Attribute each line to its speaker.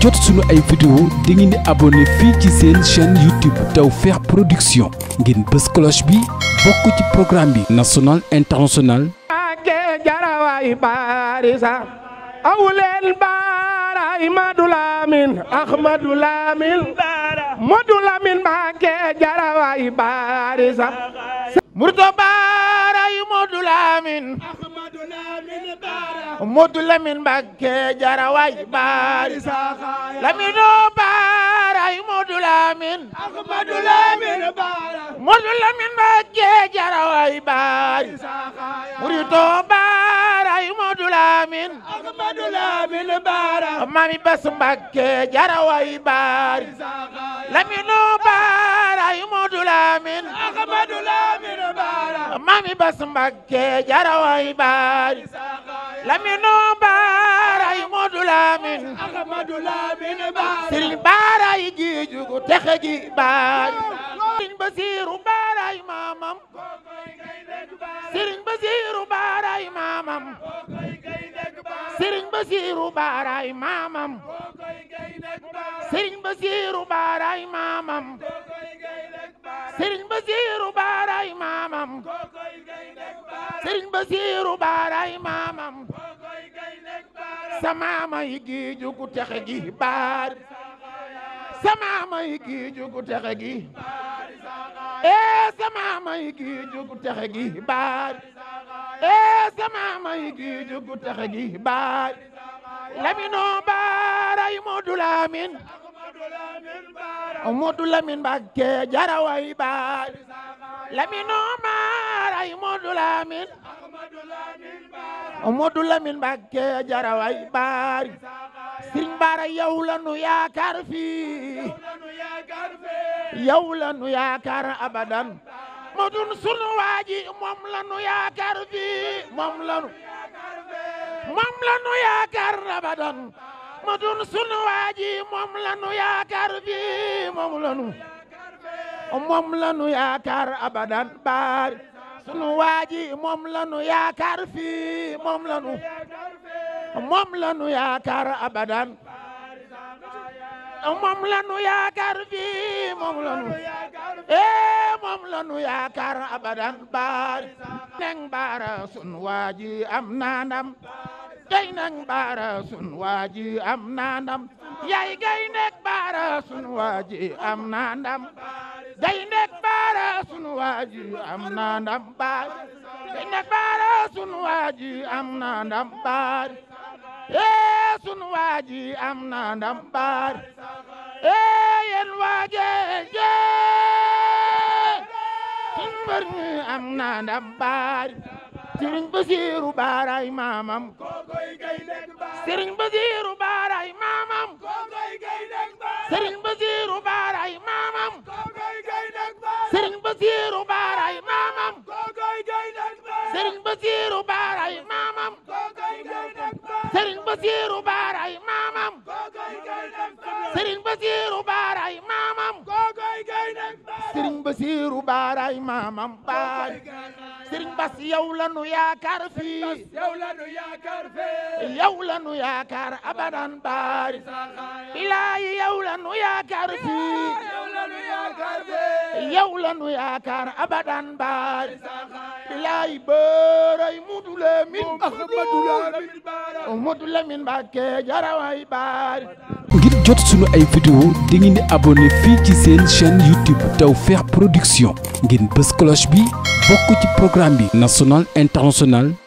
Speaker 1: jot suñu ay vidéo da ngeen di abonné fii ci seen chaîne YouTube Tawfekh Production ngeen bës cloche bi bokk ci programme bi national international ke jarawaay baari sa aw leen baaraay Madu Lamin Ahmadu Lamin Madu Lamin Mbàkke jarawaay baari sa murto baaraay Madu Lamin Modou Lamine Mbacké jarawaay baari saxaaya Lamine baaraay Modou Lamine Ahmadou Lamine baaraay Modou Lamine Mbacké jarawaay baari saxaaya murito baaraay Modou Lamine Ahmadou Lamine baaraay Mami Bass Mbacké jarawaay baari saxaaya Lamine baaraay Modou Lamine Ahmadou Lamine baaraay Mami Bass Mbacké jarawaay baari Laminu Baaray Modou Lamine Ahmadou Lamine Baara Serigne Baaray jiiju gu texe ji baar Serigne Basiru Baaray Baaray maamam Serigne Basiru Baaray Baaray maamam Serigne Basiru Baaray Baaray maamam samaama yi gi jugu texe gi baari samaama yi gi jugu texe gi ee ee samaama yi gi jugu texe gi baari eh, eh, laminoo baara yi moo du laamin Modou min Mbacké jaraway baay Lamine Omar ay Modou Lamine Modou Lamine jaraway baay Serigne Bara yow la nu yaakaar fii yow la nu yaakaar abadan modun sunu waaji moom la nu yaakaar fii moom la nu moom la nu yaakaar abadan Ahmadun sunu waaji moom lanu yaakaar fi moom lanu yaakaar abadan baar sunu waaji moom lanu yaakaar fi moom lanu moom lanu yaakaar abadan moom lanu yaakaar fi moom lanu ee eh, moom lanu yaakaar abadan baar neng baara sunu waaji am naandam tey nag baara sun waa ji am na ndam yaay baara sun am na ndam gay nekk baara sun waa ji am na ndam baar ee sun am na ndam ee yéen waa jeejee sun mbër am na ndam sëriñ Basiiru baaraay maamam kokoy gaynde maamam kokoy gaynde baaraay sëriñ maamam kokoy gaynde baaraay sëriñ maamam basiiru baaraay maamam baay sëriñ bas yow la nu yaakaar fii yow la nu yaakaar abadan baar bilaay yow la nu yaakaar fii yow la nu yaakaar abadan baar ilaay bërëy mudu lamin mudu lamin ngir jot sunu ay vidéo di ngeen di abonné fii ci seen chaîne YouTube Tawfekh Production ngeen bës cloche bi bokk ci programme bi national international